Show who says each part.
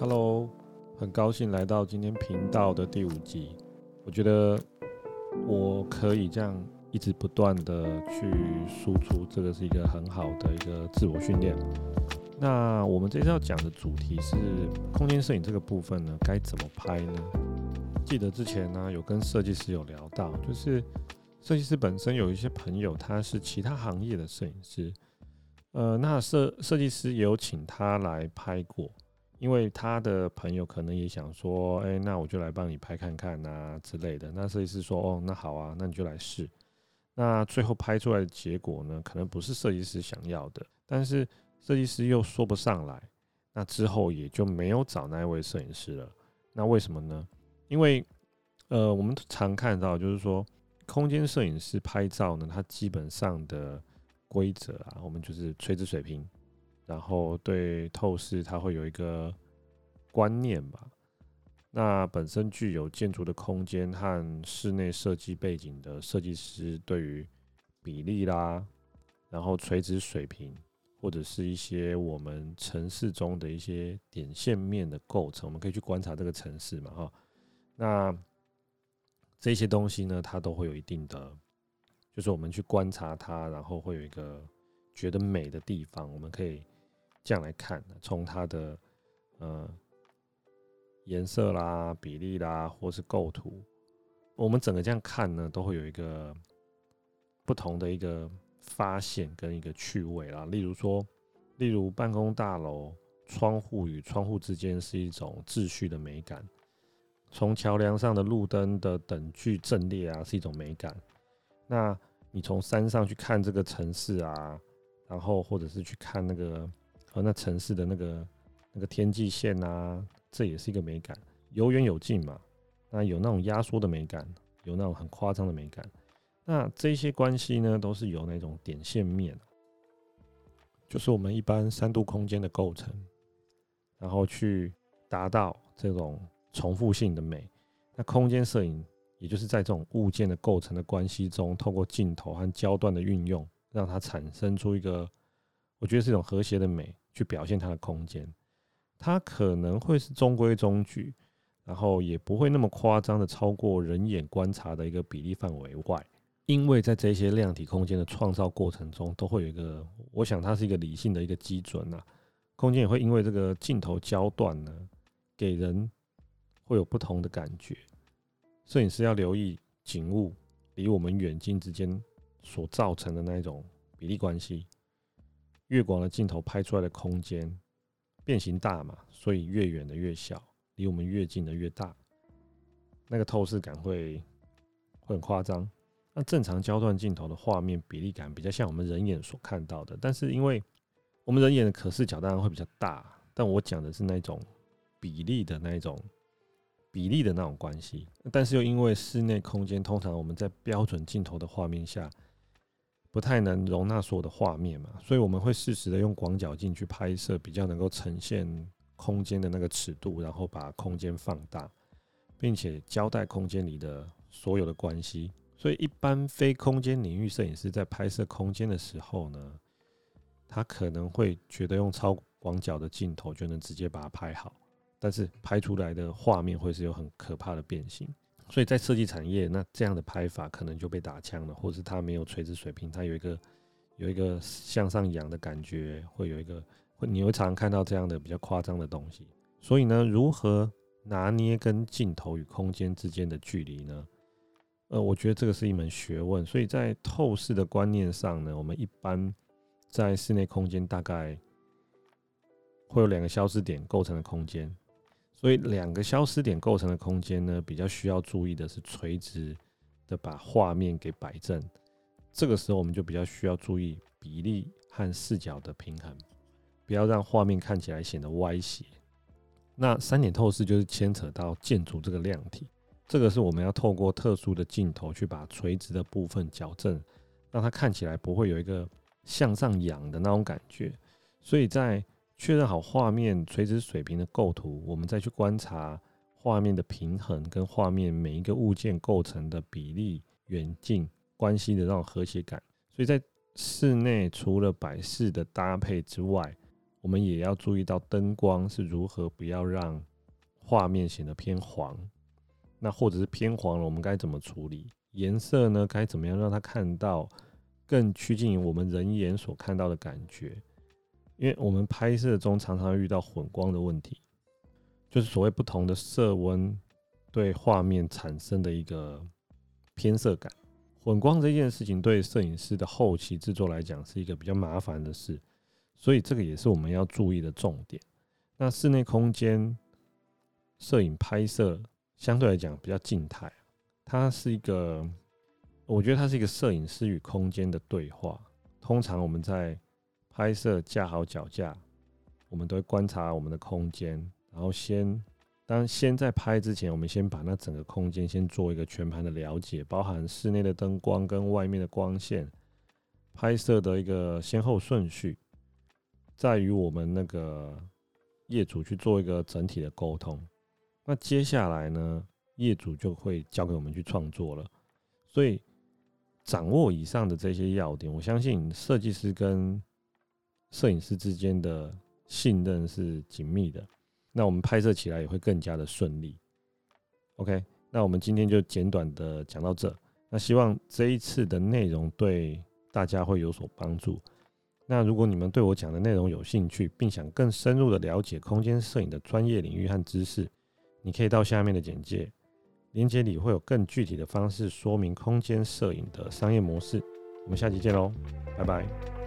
Speaker 1: 哈嘍，很高興來到今天頻道的第五集。我覺得我可以這樣一直不斷的去輸出，這個是一個很好的一個自我訓練。那我們這次要講的主題是空間攝影這個部分呢，該怎麼拍呢？記得之前呢，啊，有跟設計師有聊到，就是設計師本身有一些朋友他是其他行業的攝影師，呃，那設設計師也有請他來拍過。因為他的朋友可能也想說，哎、欸，那我就來幫你拍看看啊之類的。那設計師說，哦，那好啊，那你就來試。那最後拍出來的結果呢，可能不是設計師想要的，但是設計師又說不上來。那之後也就沒有找那位攝影師了。那為什麼呢？因為，呃，我們常看到就是說，空間攝影師拍照呢，他基本上的規則啊，我們就是垂直水平。然後對透視，它會有一個觀念吧。那本身具有建築的空間和室內設計背景的設計師，對於比例啦，然後垂直水平，或者是一些我們城市中的一些點線面的構成，我們可以去觀察這個城市嘛，哈，那這些東西呢，它都會有一定的，就是我們去觀察它，然後會有一個覺得美的地方，我們可以。這樣來看，從它的呃顏色啦、比例啦，或是構圖，我們整個這樣看呢，都會有一個不同的一個發現跟一個趣味啦。例如說，例如辦公大樓窗戶與窗戶之間是一種秩序的美感；從橋梁上的路燈的等距陣列啊，是一種美感。那你從山上去看這個城市啊，然後或者是去看那個。和那城市的那個那個天際線啊，這也是一個美感，有遠有近嘛，那有那種壓縮的美感，有那種很誇張的美感，那這些關係呢，都是有那種點線面，就是我們一般三度空間的構成，然後去達到這種重複性的美。那空間攝影也就是在這種物件的構成的關係中，透過鏡頭和焦段的運用，讓它產生出一個，我覺得是一種和諧的美。去表現它的空間，它可能會是中規中矩，然後也不會那麼誇張的超過人眼觀察的一個比例範圍外，因為在這些量體空間的創造過程中，都會有一個，我想它是一個理性的一個基準啊，空間也會因為這個鏡頭焦段呢，給人會有不同的感覺。攝影師要留意景物離我們遠近之間所造成的那一種比例關係。越廣的鏡頭拍出來的空間變形大嘛，所以越遠的越小，離我們越近的越大，那個透視感會會很誇張。那正常焦段鏡頭的畫面比例感比較像我們人眼所看到的，但是因為我們人眼的可視角當然會比較大，但我講的是那種比例的那一種比例的那種關係，但是又因為室內空間，通常我們在標準鏡頭的畫面下。不太能容納所有的畫面嘛，所以我們會適時的用廣角鏡去拍攝，比較能夠呈現空間的那個尺度，然後把空間放大，並且交代空間裡的所有的關係。所以一般非空間領域攝影師在拍攝空間的時候呢，他可能會覺得用超廣角的鏡頭就能直接把它拍好，但是拍出來的畫面會是有很可怕的變形。所以在設計產業，那這樣的拍法可能就被打槍了，或者是它沒有垂直水平，它有一個有一個向上仰的感覺，會有一個會你會常常看到這樣的比較誇張的東西。所以呢，如何拿捏跟鏡頭與空間之間的距離呢？呃，我覺得這個是一門學問，所以在透視的觀念上呢，我們一般在室內空間大概會有兩個消失點構成的空間。所以兩個消失點構成的空間呢，比較需要注意的是垂直的把畫面給擺正。這個時候我們就比較需要注意比例和視角的平衡，不要讓畫面看起來顯得歪斜。那三點透視就是牽扯到建築這個量體，這個是我們要透過特殊的鏡頭去把垂直的部分矯正，讓它看起來不會有一個向上仰的那種感覺。所以在確認好畫面垂直水平的構圖，我們再去觀察畫面的平衡跟畫面每一個物件構成的比例、遠近關係的那種和諧感。所以在室內除了擺飾的搭配之外，我們也要注意到燈光是如何不要讓畫面顯得偏黃。那或者是偏黃了，我們該怎麼處理顏色呢？該怎麼樣讓它看到更趨近於我們人眼所看到的感覺？因為我們拍攝中常常遇到混光的問題，就是所謂不同的色溫對畫面產生的一個偏色感。混光這件事情對攝影師的後期製作來講是一個比較麻煩的事，所以這個也是我們要注意的重點。那室內空間攝影拍攝相對來講比較靜態，它是一個，我覺得它是一個攝影師與空間的對話。通常我們在拍攝架好腳架，我們都會觀察我們的空間，然後先當先在拍之前，我們先把那整個空間先做一個全盤的了解，包含室內的燈光跟外面的光線，拍攝的一個先後順序，再與我們那個業主去做一個整體的溝通。那接下來呢，業主就會交給我們去創作了。所以掌握以上的這些要點，我相信設計師跟攝影師之間的信任是緊密的，那我們拍攝起來也會更加的順利。OK，那我們今天就簡短的講到這。那希望這一次的內容對大家會有所幫助。那如果你們對我講的內容有興趣，並想更深入的了解空間攝影的專業領域和知識，你可以到下面的簡介鏈接裡，會有更具體的方式說明空間攝影的商業模式。我們下期見嘍，拜拜。